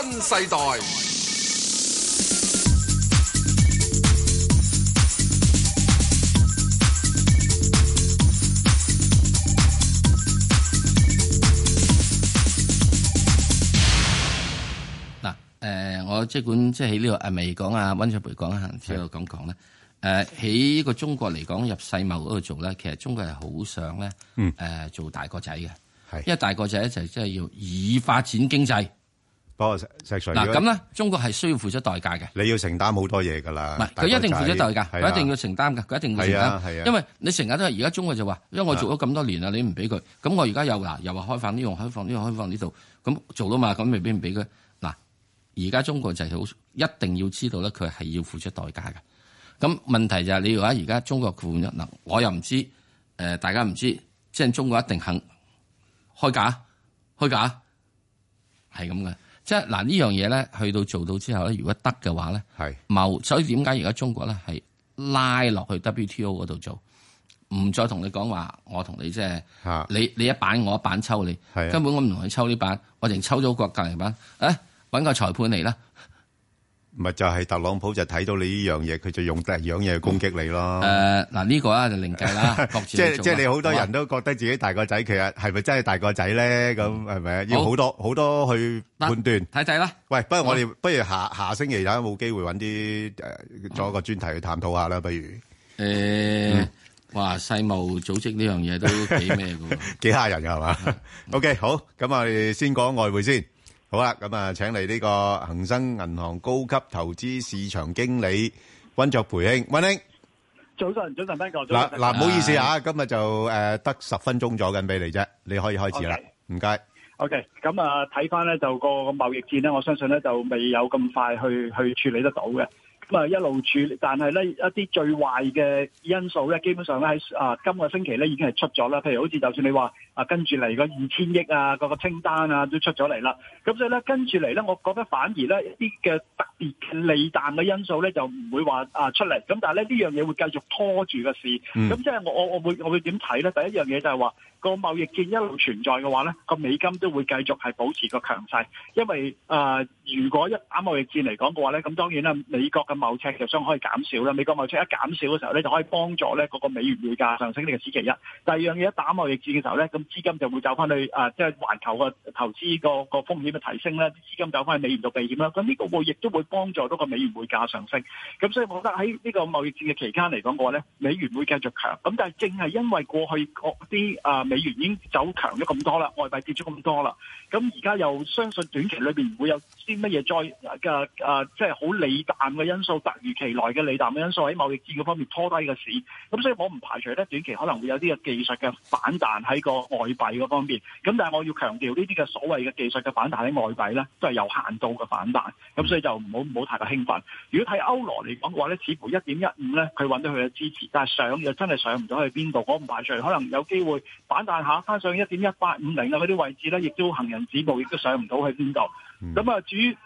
新世代嗱，誒、嗯，我、嗯、即管即係喺呢個阿眉講啊，溫灼培講啊，先我咁講咧。誒，喺一個中國嚟講，入世貿嗰度做咧，其實中國係好想咧，誒，做大個仔嘅，因為大個仔咧就即係要以發展經濟。嗱咁咧，中國係需要付出代價嘅。你要承擔好多嘢㗎啦，唔係佢一定付出代價，佢一定要承擔㗎，佢一，一定要承擔。係啊，因為你成日都係而家中國就話，因為我做咗咁多年啦，你唔俾佢咁，我而家又嗱又話開放呢樣，開放呢樣，開放呢度咁做到嘛，咁咪邊唔俾佢嗱？而家中國就係好一定要知道咧，佢係要付出代價嘅。咁問題就係、是、你話而家中國負唔負能？我又唔知，誒、呃、大家唔知，即、就、係、是、中國一定肯開價，開價係咁嘅。即係嗱呢樣嘢咧，去到做到之後咧，如果得嘅話咧，係，謀，所以點解而家中國咧係拉落去 WTO 嗰度做，唔再同你講話，我同你即係，嚇，你你一板我一板抽你，根本我唔同你抽呢板，我淨抽咗個隔籬板，搵、哎、揾個裁判嚟啦。咪就係特朗普就睇到你呢樣嘢，佢就用第二樣嘢去攻擊你咯。誒、嗯，嗱、呃、呢、這個啊就另計啦，啦 即係即係你好多人都覺得自己大個仔，其實係咪真係大個仔咧？咁係咪要多好多好多去判斷睇睇啦？喂，不如我哋不如下、嗯、下星期有冇機會揾啲誒做一個專題去探討下啦，不如誒，話、欸嗯、世貿組織呢樣嘢都幾咩嘅，幾吓 人嘅係嘛？OK，好，咁我哋先講外匯先。好啦，咁啊，請嚟呢個恒生銀行高級投資市場經理温灼培兄，温兄，早晨，早晨，邊個？嗱嗱，唔好意思吓，今日就誒得十分鐘咗緊俾你啫，你可以開始啦，唔該。OK，咁啊，睇翻咧就個貿易戰咧，我相信咧就未有咁快去去處理得到嘅。咁啊一路處理，但係咧一啲最壞嘅因素咧，基本上咧喺啊今個星期咧已經係出咗啦。譬如好似就算你話啊跟住嚟個二千億啊嗰個清單啊都出咗嚟啦。咁所以咧跟住嚟咧，我覺得反而咧一啲嘅特別利淡嘅因素咧就唔會話啊出嚟。咁但係咧呢樣嘢會繼續拖住嘅事。咁即係我我我會我會點睇咧？第一樣嘢就係話，個貿易戰一路存在嘅話咧，個美金都會繼續係保持個強勢，因為誒、呃，如果一打貿易戰嚟講嘅話咧，咁當然啦，美國嘅貿赤就相可以減少啦。美國貿赤一減少嘅時候，你就可以幫助咧嗰個美元匯價上升呢個時期一。第二樣嘢，一打貿易戰嘅時候咧，咁資金就會走翻去誒，即係環球嘅投資個個風險嘅提升咧，資金走翻去美元度避險啦。咁呢個會亦都會幫助到個美元匯價上升。咁所以我覺得喺呢個貿易戰嘅期間嚟講嘅話咧，美元會繼續強。咁但係正係因為過去嗰啲啊。呃美元已經走強咗咁多啦，外幣跌咗咁多啦，咁而家又相信短期裏邊唔會有啲乜嘢再嘅啊，即係好利淡嘅因素，突如其來嘅利淡嘅因素喺貿易戰方面拖低個市，咁所以我唔排除咧短期可能會有啲嘅技術嘅反彈喺個外幣嗰方面，咁但係我要強調呢啲嘅所謂嘅技術嘅反彈喺外幣咧都係有限度嘅反彈，咁所以就唔好唔好太過興奮。如果睇歐羅嚟講嘅話咧，似乎一點一五咧佢搵到佢嘅支持，但係上又真係上唔到去邊度，我唔排除可能有機會反彈下，翻上一點一八五零啊，嗰啲位置咧，亦都行人止步，亦都上唔到去邊度。嗯，咁啊，至於。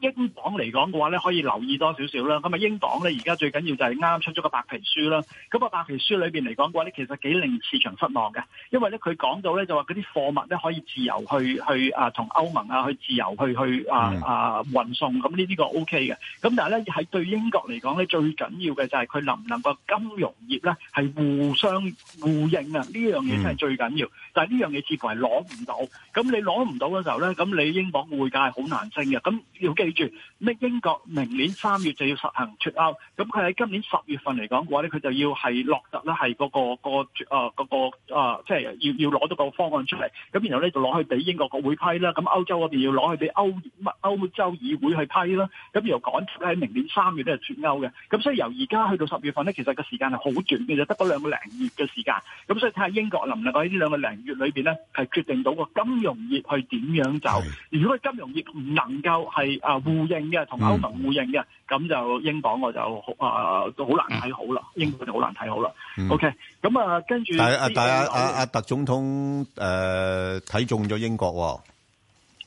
英鎊嚟講嘅話咧，可以留意多少少啦。咁啊，英鎊咧，而家最緊要就係啱啱出咗個白皮書啦。咁個白皮書裏邊嚟講嘅話咧，其實幾令市場失望嘅，因為咧佢講到咧就話嗰啲貨物咧可以自由去去啊同歐盟啊去自由去去啊啊運送，咁呢啲個 O K 嘅。咁但係咧喺對英國嚟講咧最緊要嘅就係佢能唔能夠金融業咧係互相互應啊？呢樣嘢真係最緊要。嗯、但係呢樣嘢似乎係攞唔到。咁你攞唔到嘅時候咧，咁你英鎊匯價係好難升嘅。咁要住咩？英國明年三月就要實行脱歐，咁佢喺今年十月份嚟講嘅話咧，佢就要係落實咧、嗰個，係、嗰、嗰個、嗰個誒嗰即係要要攞到個方案出嚟，咁然後咧就攞去俾英國國會批啦，咁歐洲嗰邊要攞去俾歐歐洲議會去批啦，咁然後趕喺明年三月咧脱歐嘅，咁所以由而家去到十月份咧，其實個時間係好短嘅，就得嗰兩個零月嘅時間，咁所以睇下英國能唔能夠喺呢兩個零月裏邊咧，係決定到個金融業去點樣走，如果係金融業唔能夠係啊？互應嘅，同歐盟互應嘅，咁就英鎊我就誒都好難睇好啦，英鎊就好難睇好啦。OK，咁啊，跟住但係阿阿阿阿特總統誒睇中咗英國喎。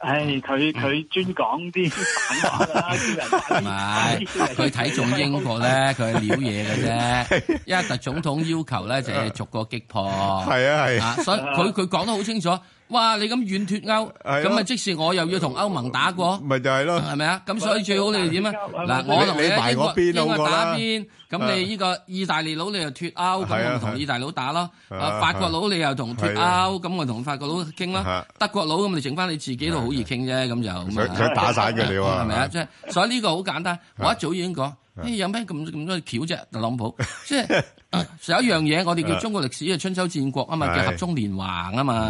誒，佢佢專講啲反話啦啲人係咪？佢睇中英國咧，佢係撩嘢嘅啫。因為特總統要求咧，就係逐個擊破。係啊係啊，所以佢佢講得好清楚。哇！你咁遠脱歐，咁、啊、即使我又要同歐盟打過，咪就係咯，係咪啊？咁、啊、所以最好你哋點啊？嗱、啊啊，我同你埋、啊、嗰邊，邊，邊，咁我啦。咁你呢個意大利佬你又脱歐，咁、啊、我咪同意大利佬打咯啊啊。啊，法國佬你又同脱歐，咁、啊、我同法國佬傾啦。德國佬咁你剩翻你自己都好易傾啫，咁就唔使打曬嘅料啊？係咪啊？即係、啊啊、所以呢個好簡單、啊。我一早已經講、啊欸，有咩咁咁多橋啫？特朗普啫。 啊、有一樣嘢，我哋叫中國歷史嘅春秋戰國啊嘛，叫合縱連橫啊嘛，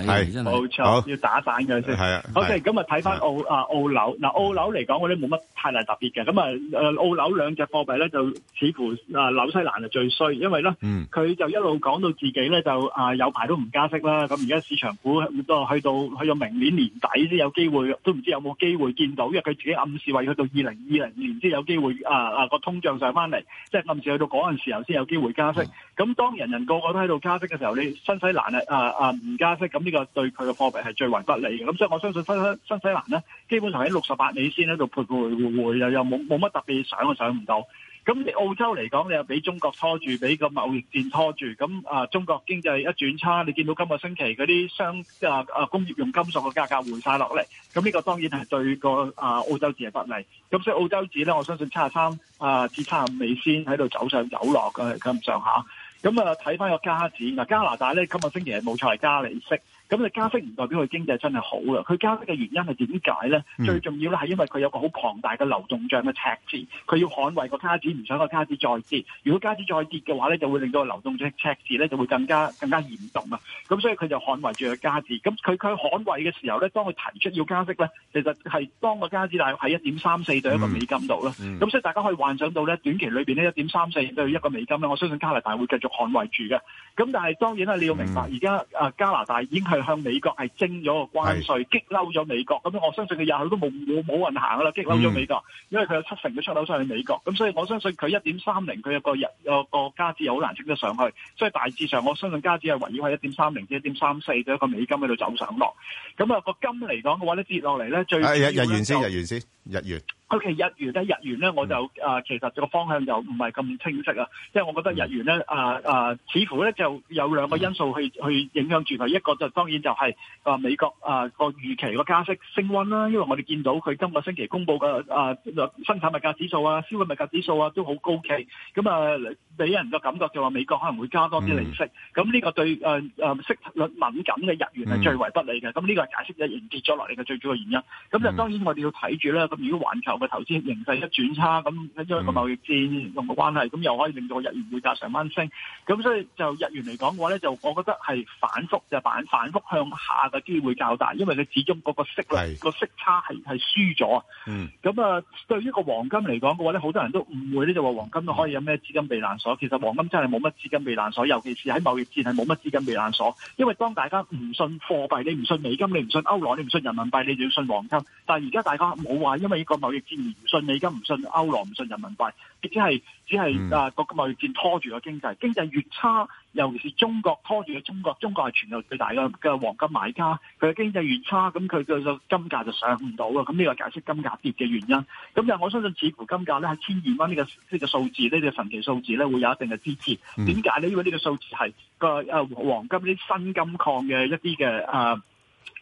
係、哎、真係冇錯好，要打散嘅先。係啊，好嘅，咁啊睇翻澳啊澳，澳紐嗱澳紐嚟講，嗰啲冇乜太大特別嘅。咁啊誒澳紐兩隻貨幣咧，就似乎啊紐西蘭就最衰，因為咧佢、嗯、就一路講到自己咧就啊有排都唔加息啦。咁而家市場股都去到去到明年年底先有機會，都唔知有冇機會見到，因為佢自己暗示話要到二零二零年先有機會啊啊個通脹上翻嚟，即係暗示去到嗰陣時候先有機會加息，咁 當人人個個都喺度加息嘅時候，你新西蘭啊啊啊唔加息，咁呢個對佢嘅貨幣係最為不利嘅。咁所以我相信新新西蘭咧，基本上喺六十八美仙喺度徘徊，又又冇冇乜特別想，我想唔到。咁你澳洲嚟講，你又俾中國拖住，俾個貿易戰拖住。咁啊，中國經濟一轉差，你見到今個星期嗰啲商啊啊工業用金屬嘅價格回曬落嚟。咁呢個當然係對個啊澳洲字係不利。咁所以澳洲字咧，我相信七十三啊至七十五美仙喺度走上走落嘅咁上下。咁啊睇翻個加紙嗱，加拿大咧今個星期係冇錯加利息。咁你加息唔代表佢經濟真係好啊！佢加息嘅原因係點解咧？最重要咧係因為佢有個好龐大嘅流動帳嘅赤字，佢要捍衛個加紙，唔想個加紙再跌。如果加紙再跌嘅話咧，就會令到個流動帳赤字咧就會更加更加嚴重啊！咁所以佢就捍衛住個加紙。咁佢佢捍衛嘅時候咧，當佢提出要加息咧，其實係當個加紙大約喺一點三四對一個美金度啦。咁、嗯、所以大家可以幻想到咧，短期裏邊呢，一點三四對一個美金咧，我相信加拿大會繼續捍衛住嘅。咁但係當然啦，你要明白而家啊加拿大已經係，向美國係徵咗個關稅，激嬲咗美國，咁我相信佢日後都冇冇冇運行噶啦，激嬲咗美國，嗯、因為佢有七成嘅出口商去美國，咁所以我相信佢一點三零，佢有個日有個個加紙又好難升得上去，所以大致上我相信加紙係圍繞喺一點三零至一點三四嘅一個美金喺度走上落，咁、那、啊個金嚟講嘅話咧跌落嚟咧最呢日日元先，日元先，日元。佢、okay, 其日元咧，日元咧，我就、呃、其實個方向就唔係咁清晰啊，因、就、為、是、我覺得日元咧、呃呃，似乎咧就有兩個因素去去影響住佢，一個就當然就係、是呃、美國啊個預期個加息升溫啦、啊，因為我哋見到佢今個星期公布嘅、呃、生產物價指數啊、消費物價指數啊都好高企，咁、嗯、啊。呃俾人個感覺就話美國可能會加多啲利息，咁、嗯、呢個對誒誒、呃、息率敏感嘅日元係最為不利嘅。咁、嗯、呢個係解釋日元跌咗落嚟嘅最主要原因。咁、嗯、就當然我哋要睇住啦。咁如果環球嘅投資形勢一轉差，咁因為個貿易戰同嘅關係，咁又可以令到日元匯價上翻升。咁所以就日元嚟講嘅話咧，就我覺得係反覆就係、反反覆向下嘅機會較大，因為你始終嗰個息率、嗰個息差係係輸咗。嗯。咁啊，對於個黃金嚟講嘅話咧，好多人都誤會呢，就話黃金可以有咩資金避難其實黃金真係冇乜資金避難所，尤其是喺貿易戰係冇乜資金避難所，因為當大家唔信貨幣，你唔信美金，你唔信歐羅，你唔信人民幣，你就要信黃金。但係而家大家冇話，因為呢個貿易戰而唔信美金，唔信歐羅，唔信人民幣。亦只係只係啊，個貿易戰拖住個經濟，經濟越差，尤其是中國拖住嘅中國，中國係全球最大嘅嘅黃金買家，佢嘅經濟越差，咁佢嘅金價就上唔到嘅，咁呢個解釋金價跌嘅原因。咁但係我相信，似乎金價咧喺千二蚊呢個呢個數字呢、呢個神奇數字咧，會有一定嘅支持。點解呢？因為呢個數字係個誒黃金啲新金礦嘅一啲嘅啊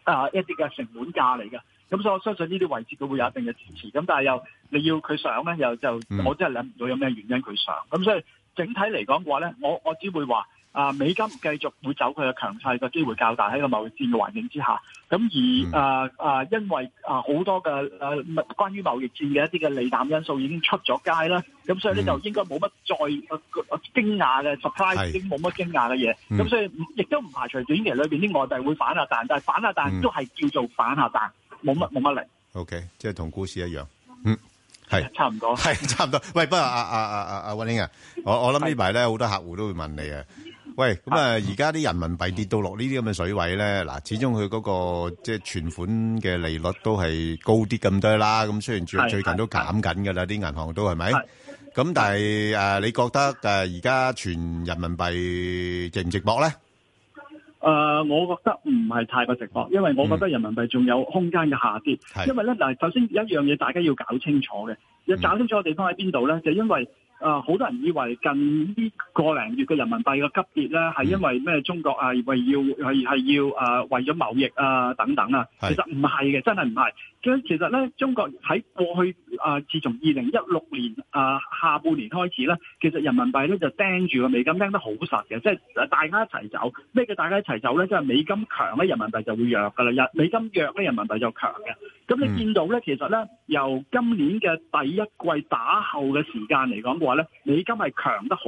啊一啲嘅成本價嚟嘅。咁所以我相信呢啲位置佢會有一定嘅支持，咁但係又你要佢上咧，又就、嗯、我真係諗唔到有咩原因佢上。咁所以整體嚟講嘅話咧，我我只會話啊，美金繼續會走佢嘅強勢嘅機會較大喺個貿易戰嘅環境之下。咁而、嗯、啊、啊因為啊、啊，因為啊好多嘅、啊、關於貿易戰嘅一啲嘅利淡因素已經出咗街啦。咁所以咧就應該冇乜再驚訝嘅 surprise，已經冇乜驚訝嘅嘢。咁、嗯、所以亦都唔排除短期裏邊啲外幣會反下彈，但係反下彈都係叫做反下彈。嗯冇乜冇乜嚟，OK，即係同股市一樣，嗯，係差唔多，係差唔多。喂，不過阿阿阿溫英啊，我我諗呢排咧好多客戶都會問你啊。喂，咁、嗯、啊，而家啲人民幣跌到落呢啲咁嘅水位咧，嗱，始終佢嗰個即係存款嘅利率都係高啲咁多啦。咁雖然最最近都減緊噶啦，啲銀行都係咪？咁但係誒、啊，你覺得誒而家存人民幣值唔值博咧？誒、uh，我覺得唔係太過直況，因為我覺得人民幣仲有空間嘅下跌。Mm. 因為咧，嗱，首先一樣嘢大家要搞清楚嘅，要搞清楚嘅地方喺邊度咧，就因為。啊、呃！好多人以為近呢個零月嘅人民幣嘅急跌咧，係因為咩？中國啊，為要係係要啊、呃，為咗貿易啊、呃、等等啊，其實唔係嘅，真係唔係。咁其實咧，中國喺過去啊、呃，自從二零一六年啊、呃、下半年開始咧，其實人民幣咧就盯住個美金盯得好實嘅，即係大家一齊走。咩叫大家一齊走咧？即係美金強咧，人民幣就會弱㗎啦；日美金弱咧，人民幣就強嘅。咁你見到咧，其實咧，由今年嘅第一季打後嘅時間嚟講嘅話咧，美金係強得好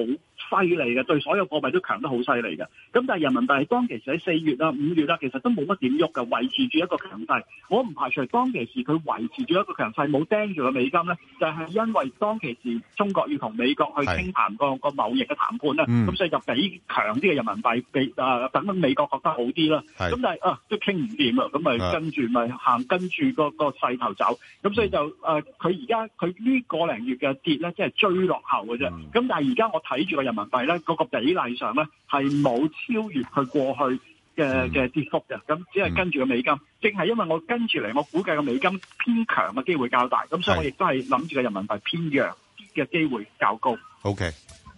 犀利嘅對所有貨幣都強得好犀利嘅，咁但係人民幣當其時喺四月啦、五月啦，其實都冇乜點喐嘅，維持住一個強勢。我唔排除當其時佢維持住一個強勢冇釘住個美金咧，就係、是、因為當其時中國要同美國去傾談個個貿易嘅談判啦，咁所以就俾強啲嘅人民幣俾啊等等美國覺得好啲啦。咁但係啊、呃，都傾唔掂啊，咁咪跟住咪行跟住個個勢頭走，咁所以就誒佢而家佢呢個零月嘅跌咧，即係追落後嘅啫。咁、嗯、但係而家我睇住個人民。人民幣咧嗰個比例上咧係冇超越佢過去嘅嘅跌幅嘅，咁、嗯、只係跟住個美金，淨、嗯、係因為我跟住嚟，我估計個美金偏強嘅機會較大，咁所以我亦都係諗住個人民幣偏弱嘅機會較高。O K，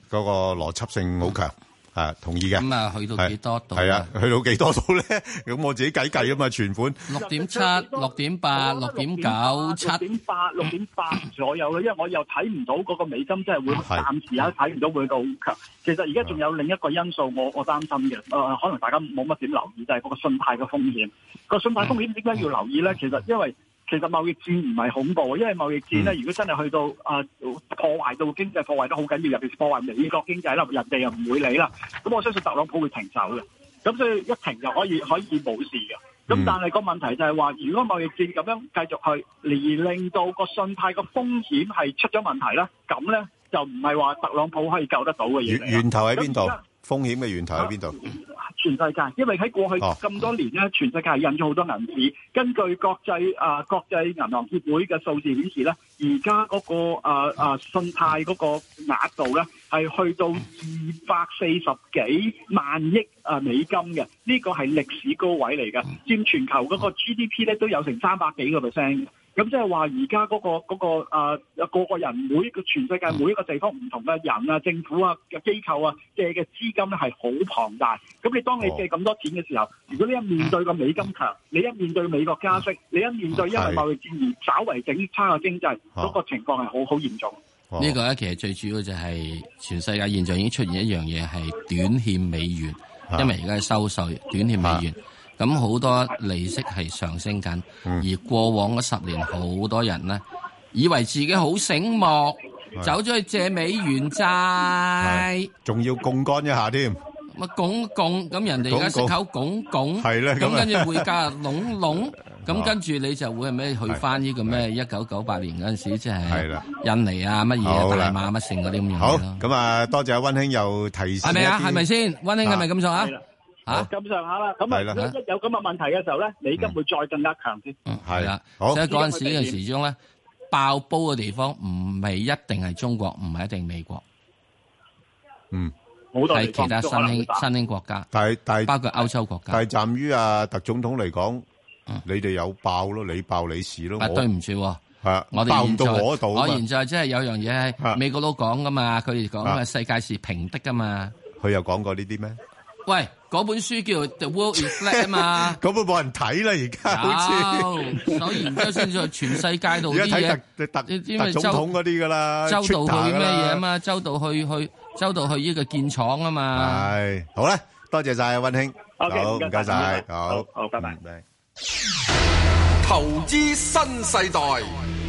嗰個邏輯性好強。啊，同意嘅。咁、嗯、啊，去到幾多度、啊？係啊，去到幾多度咧？咁 我自己計計啊嘛，存款六點七、六點八、六點九、七點八、六點八左右啦。因為我又睇唔到嗰個美金，真係會暫時啊睇唔到會到強。其實而家仲有另一個因素我，我我擔心嘅。誒、呃，可能大家冇乜點留意，就係、是、個信貸嘅風險。 個信貸風險點解要留意咧？其實因為。其實貿易戰唔係恐怖嘅，因為貿易戰咧，如果真係去到啊破壞到經濟，破壞得好緊要，尤其是破壞美國經濟啦，人哋又唔會理啦。咁我相信特朗普會停手嘅，咁所以一停就可以可以冇事嘅。咁但係個問題就係話，如果貿易戰咁樣繼續去，而令到個信貸個風險係出咗問題咧，咁咧就唔係話特朗普可以救得到嘅嘢嚟。源源頭喺邊度？風險嘅源頭喺邊度？全世界，因為喺過去咁多年咧、哦，全世界印咗好多銀紙。根據國際啊、呃、國際銀行協會嘅數字顯示咧，而家嗰個啊、呃、信貸嗰個額度咧，係去到二百四十幾萬億啊美金嘅，呢、這個係歷史高位嚟嘅，佔全球嗰個 GDP 咧都有成三百幾個 percent。咁即係話而家嗰個嗰、那個個、啊、個人每一個全世界每一個地方唔同嘅人啊、嗯、政府啊嘅機構啊借嘅資金咧係好龐大，咁你當你借咁多錢嘅時候、哦，如果你一面對個美金強、嗯，你一面對美國加息，嗯、你一面對因為貿易戰而稍為整差嘅經濟，嗰、哦那個情況係好好嚴重。呢、哦這個咧其實最主要就係全世界現象已經出現一樣嘢係短欠美元，哦、因為而家係收稅短欠美元。哦哦咁好多利息係上升緊，而過往嗰十年好多人咧，以為自己好醒目，走咗去借美元債，仲要槓桿一下添。咪拱拱，咁人哋而家食口拱拱，係咧，咁跟住匯價隆隆，咁跟住你就會係咩去返呢個咩一九九八年嗰陣時，即係印尼啊乜嘢大馬乜成嗰啲咁樣。好咁啊，多謝温兄又提示一啲。係咪啊？係咪先？温兄係咪咁講啊？吓咁上下啦，咁啊，一有咁嘅問題嘅時候咧，你今會再更加強啲，係啦，即係嗰陣時嘅時鐘咧爆煲嘅地方，唔係一定係中國，唔係一定美國，嗯，係其他新興新興國家，但係但係包括歐洲國家，但係暫於阿特總統嚟講，你哋有爆咯，你爆你事咯，我對唔住，係我爆唔到我度。我現在即係有樣嘢係美國佬講噶嘛，佢哋講啊，世界是平的噶嘛，佢又講過呢啲咩？喂。嗰本書叫 The World is Flat 啊嘛，嗰本冇人睇啦而家。首先而家先在全世界度啲嘢，而家睇特特啲啲總統嗰啲噶啦，周到去咩嘢啊嘛，周到去去周到去呢個建廠啊嘛，係，好咧，多謝曬温兄，好唔該曬，好，好，拜拜，投資新世代。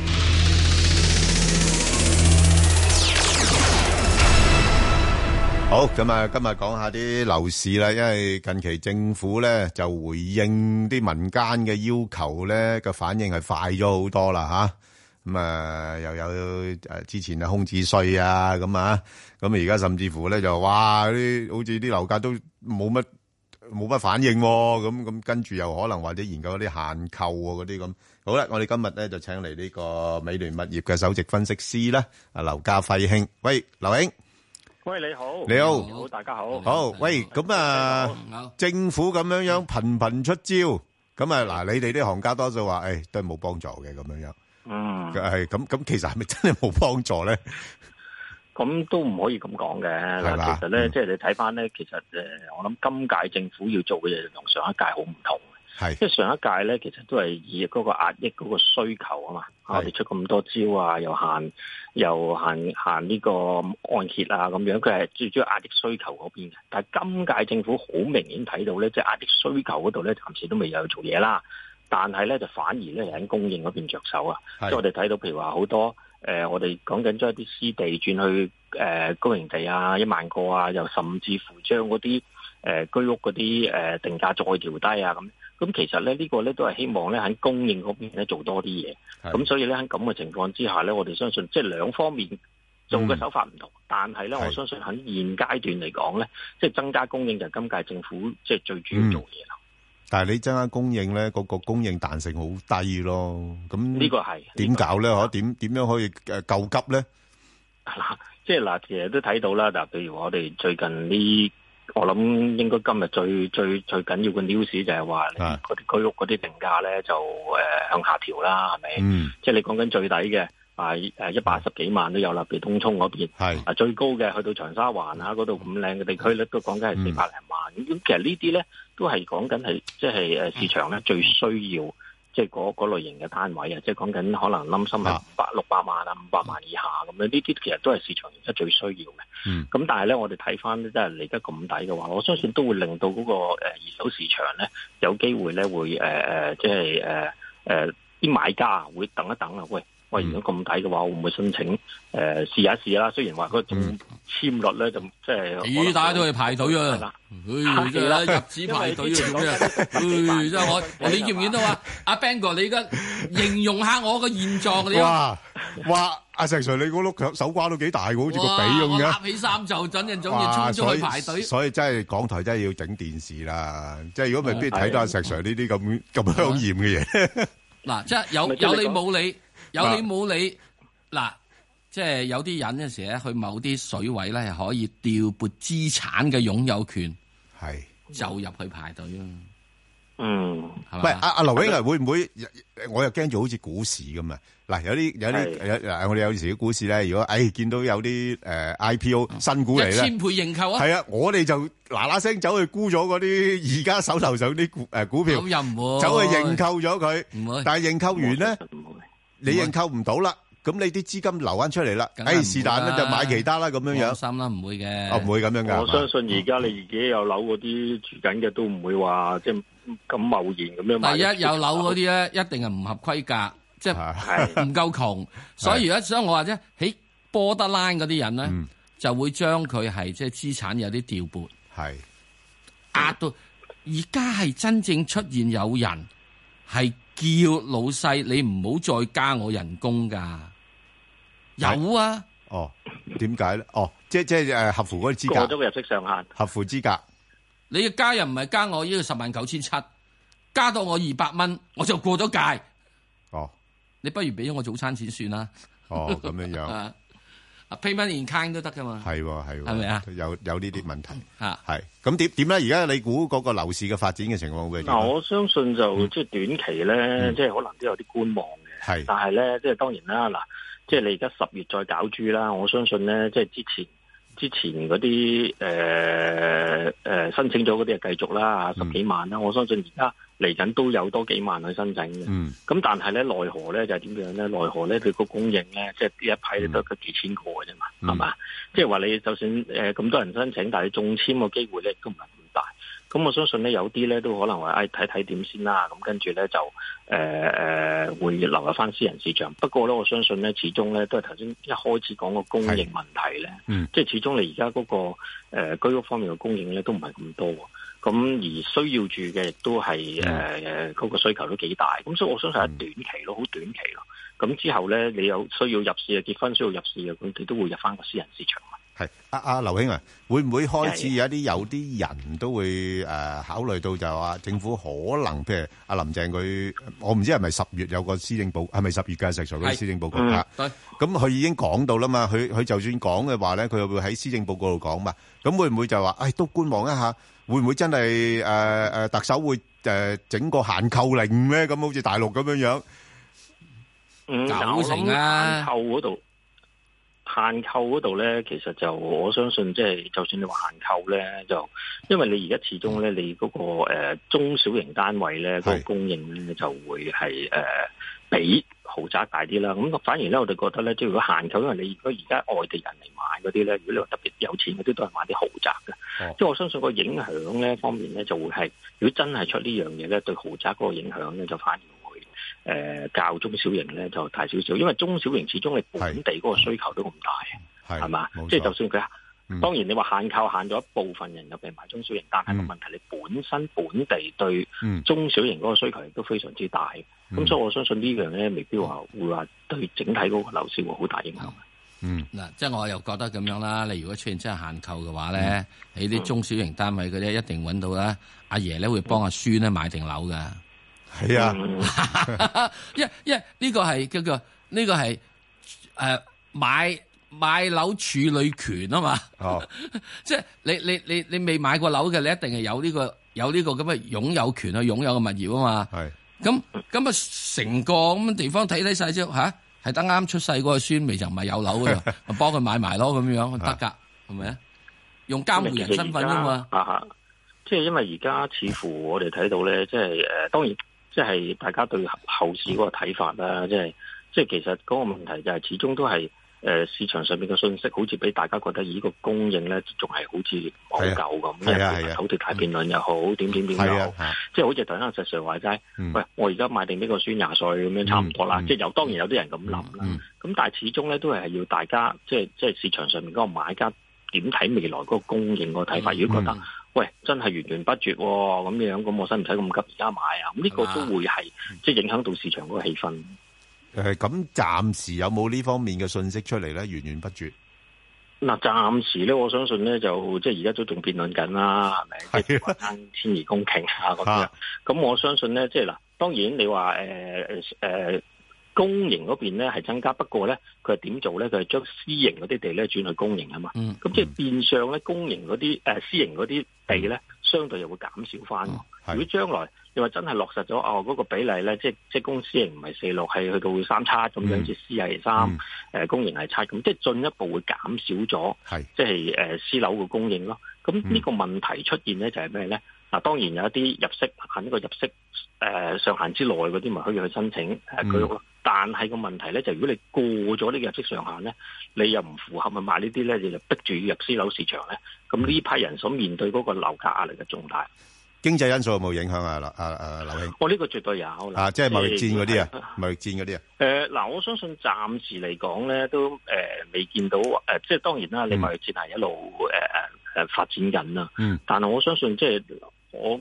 好咁啊，今日講下啲樓市啦，因為近期政府咧就回應啲民間嘅要求咧嘅反應係快咗好多啦吓，咁啊又有誒之前啊空置稅啊咁啊，咁而家甚至乎咧就哇啲好似啲樓價都冇乜冇乜反應咁咁，跟住又可能或者研究啲限購啊嗰啲咁。好啦，我哋今日咧就請嚟呢個美聯物業嘅首席分析師啦，啊劉嘉輝兄，喂，劉兄。喂，你好，你好，好，大家好，好，喂，咁啊，政府咁樣樣頻頻出招，咁啊，嗱，你哋啲行家多數話，誒，都係冇幫助嘅，咁樣樣，嗯，係，咁，咁其實係咪真係冇幫助咧？咁都唔可以咁講嘅，係嘛，其實咧，即係你睇翻咧，其實誒，我諗今屆政府要做嘅嘢，同上一屆好唔同。即係上一屆咧，其實都係以嗰個壓抑嗰個需求啊嘛，我哋出咁多招啊，又限又限限呢個按揭啊咁樣，佢係最主要壓抑需求嗰邊嘅。但係今屆政府好明顯睇到咧，即係壓抑需求嗰度咧，暫時都未有做嘢啦。但係咧就反而咧喺供應嗰邊着手啊。即係我哋睇到，譬如話好多誒、呃，我哋講緊將一啲私地轉去誒公營地啊，一萬個啊，又甚至乎將嗰啲誒居屋嗰啲、呃、定價再調低啊咁。咁其實咧，這個、呢個咧都係希望咧喺供應嗰邊咧做多啲嘢。咁所以咧喺咁嘅情況之下咧，我哋相信即係兩方面做嘅手法唔同，嗯、但係咧我相信喺現階段嚟講咧，即係增加供應就係今屆政府即係最主要做嘢、嗯、但係你增加供應咧，個、那個供應彈性好低咯。咁呢、這個係點搞咧？我點點樣可以誒、呃、救急咧？嗱、啊，即係嗱，其實都睇到啦。嗱，譬如我哋最近呢。我諗應該今日最最最緊要嘅 news 就係話嗰啲居屋嗰啲定價咧就誒、呃、向下調啦，係咪、嗯？即係你講緊最低嘅啊誒一百十幾萬都有啦，譬如東涌嗰邊係啊最高嘅去到長沙灣啊嗰度咁靚嘅地區咧、嗯、都講緊係四百零萬咁、嗯，其實這些呢啲咧都係講緊係即係誒市場咧最需要。即係嗰類型嘅單位啊，即係講緊可能諗深係五百六百萬啊，五百萬以下咁樣，呢啲其實都係市場即係最需要嘅。咁、嗯、但係咧，我哋睇翻咧，真係嚟得咁抵嘅話，我相信都會令到嗰個二手市場咧有機會咧會誒即係誒誒啲買家會等一等啊，喂。喂，如果咁睇嘅話，我會唔會申請？誒，試一試啦。雖然話嗰種簽率咧，就即係，咦？大家都去排隊啊！佢真係入紙排隊嘅，真係。誒，真係我，你見唔見到啊？阿 Bang 哥，你而家形容下我個現狀。哇！哇！阿石 Sir，你嗰碌腳手瓜都幾大嘅，好似個髀咁嘅。搭起衫就，真係仲要匆匆去排隊。所以真係港台真係要整電視啦！即係如果未必睇到阿石 Sir 呢啲咁咁香艷嘅嘢。嗱，即係有有你冇你。有你冇理。嗱，即係有啲人嘅時咧，去某啲水位咧係可以調撥資產嘅擁有權，係就入去排隊啊。嗯，係咪啊？阿劉嘉輝啊，會唔會我又驚住好似股市咁啊？嗱，有啲有啲有，我哋有時啲股市咧，如果誒見到有啲誒 IPO 新股嚟咧，千倍認購啊，係啊，我哋就嗱嗱聲走去沽咗嗰啲而家手頭上啲股誒股票，咁又唔會走去認購咗佢，唔會，但係認購完咧。你認購唔到啦，咁你啲資金留翻出嚟啦，誒，是但啦，就買其他啦，咁樣樣。放心啦，唔會嘅。哦，唔會咁樣噶。我相信而家你自己有樓嗰啲住緊嘅都唔會話即係咁貿然咁樣。第一有樓嗰啲咧，一定係唔合規格，即係唔夠窮。所以而家所以我話啫，喺 borderline 嗰啲人咧，就會將佢係即係資產有啲調撥，係壓到而家係真正出現有人係。叫老細你唔好再加我人工噶，有啊。哦，點解咧？哦，即即誒，合乎嗰啲資格，過咗入息上限，合乎資格。你要加又唔係加我呢個十萬九千七，加到我二百蚊我就過咗界。哦，你不如俾咗我早餐錢算啦。哦，咁樣樣。 啊，payment in kind 都得噶嘛，係喎係喎，咪、哦、啊？有有呢啲問題，係、啊，咁點點咧？而家你估嗰個樓市嘅發展嘅情況會點？我相信就即係、嗯就是、短期咧，即、嗯、係、就是、可能都有啲觀望嘅。係，但係咧，即、就、係、是、當然啦。嗱，即係你而家十月再搞豬啦，我相信咧，即、就、係、是、之前之前嗰啲誒誒申請咗嗰啲係繼續啦，十幾萬啦、嗯，我相信而家。嚟緊都有多幾萬去申請嘅，咁、嗯、但係咧，奈何咧就係、是、點樣咧？奈何咧，佢個供應咧，即係呢一批得個幾千個嘅啫嘛，係、嗯、嘛？即係話你就算咁、呃、多人申請，但係你中簽個機會咧都唔係咁大。咁我相信咧，有啲咧都可能話誒睇睇點先啦。咁跟住咧就誒、呃、會流入翻私人市場。不過咧，我相信咧，始終咧都係頭先一開始講個供應問題咧、嗯，即係始終你而家嗰個、呃、居屋方面嘅供應咧都唔係咁多。咁而需要住嘅，亦都係誒，嗰個需求都幾大。咁所以我相信喺短期咯，好短期咯。咁之後咧，你有需要入市啊，結婚需要入市啊，佢哋都會入翻個私人市場。係阿阿劉兄啊，會唔會開始有一啲有啲人都會誒考慮到就係話政府可能譬如阿林鄭佢，我唔知係咪十月有個施政報，係咪十月嘅食才嘅施政報告啊？對，咁佢已經講到啦嘛，佢佢就算講嘅話咧，佢會喺施政報告度講嘛。咁會唔會就係話誒都觀望一下？會唔會真係誒誒特首會誒、呃、整個限購令咧？咁好似大陸咁樣樣、嗯，九成啊！限購嗰度，限購嗰度咧，其實就我相信、就係，即係就算你話限購咧，就因為你而家始終咧，你嗰、嗰個、呃、中小型單位咧，嗰個供應咧就會係誒、呃、比豪宅大啲啦，咁反而咧，我哋覺得咧，即係如果限購，因為你如果而家外地人嚟買嗰啲咧，如果你話特別有錢嗰啲，都係買啲豪宅嘅、哦。即係我相信個影響咧方面咧，就會係如果真係出呢樣嘢咧，對豪宅嗰個影響咧，就反而會誒較、呃、中小型咧就大少少，因為中小型始終你本地嗰個需求都咁大，係嘛？即係就算佢。嗯、當然，你話限購限咗一部分人入邊買中小型、嗯，但係個問題，你本身本地對中小型嗰個需求亦都非常之大，咁、嗯、所以我相信呢樣咧，未必話會話對整體嗰個樓市會好大影響。嗯，嗱、嗯，即係我又覺得咁樣啦。你如果出現真係限購嘅話咧、嗯，你啲中小型單位嗰啲一定揾到啦、嗯。阿爺咧會幫阿孫咧買定樓㗎。係啊，一一呢個係叫做呢個係誒、這個呃、買。買樓處理權啊嘛、oh. 即，即係你你你你未買過樓嘅，你一定係有呢、這個有呢個咁嘅擁有權去擁有、oh. 看看啊，擁有嘅物業啊嘛。係咁咁啊，成個咁嘅地方睇睇晒啫吓，係等啱出世嗰個孫咪就唔係有樓嘅，我幫佢買埋咯咁樣得噶係咪啊？用監護人身份啊嘛。啊，即係因為而家似乎我哋睇到咧，即係誒、呃，當然即係大家對後市嗰個睇法啦，即係即係其實嗰個問題就係始終都係。誒、呃、市場上面嘅信息，好似俾大家覺得呢個供應咧，仲係好似唔夠咁。好、啊、因為土地大辯論又好，點點點又好，啊、即係好似頭先阿石上話齋，喂，我而家買定呢個孫廿歲咁樣，差唔多啦、嗯。即係有當然有啲人咁諗啦。咁、嗯、但係始終咧，都係係要大家，即係即係市場上面嗰個買家點睇未來嗰個供應個睇法。如、嗯、果覺得、嗯、喂真係源源不絕咁、哦、樣，咁我使唔使咁急而家買啊？咁、嗯、呢、這個都會係、嗯、即係影響到市場嗰個氣氛。誒、呃，咁暫時有冇呢方面嘅信息出嚟咧？源源不絕。嗱，暫時咧，我相信咧，就即係而家都仲辯論緊啦，係咪？即係千、就是、 二公頃啊，咁、啊、樣。咁我相信咧，即係嗱，當然你話誒誒公營嗰邊咧係增加，不過咧佢係點做咧？佢係將私營嗰啲地咧轉去公營啊嘛。咁、嗯、即係變相咧，公營嗰啲誒私營嗰啲地咧，相對又會減少翻。嗯如果將來你話真係落實咗哦，嗰、那個比例咧，即係即係公私營唔係四六，係去到三七咁樣，即係私係三，誒公營係七咁即係進一步會減少咗，係即係誒、呃、私樓嘅供應咯。咁呢個問題出現咧就係咩咧？嗱，當然有一啲入息喺呢個入息誒、呃、上限之內嗰啲，咪可以去申請居屋咯。但係個問題咧，就是、如果你過咗呢個入息上限咧，你又唔符合咪買呢啲咧，你就逼住要入私樓市場咧。咁呢批人所面對嗰個樓價壓力嘅重大。經濟因素有冇影響啊？劉啊啊劉慶，我、哦、呢、這個絕對有啊，即係貿易戰嗰啲啊，貿、欸、易戰嗰啲啊。誒，嗱，我相信暫時嚟講咧，都誒未、呃、見到誒、呃，即係當然啦，你貿易戰係一路誒誒發展緊啦。嗯。呃、但係我相信，即係我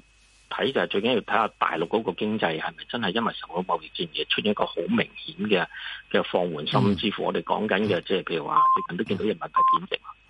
睇就係、是、最緊要睇下大陸嗰個經濟係咪真係因為受到貿易戰而出現一個好明顯嘅嘅放緩，甚至乎我哋講緊嘅，即係譬如話最近都見到人民幣貶值。嗯嗯嗯。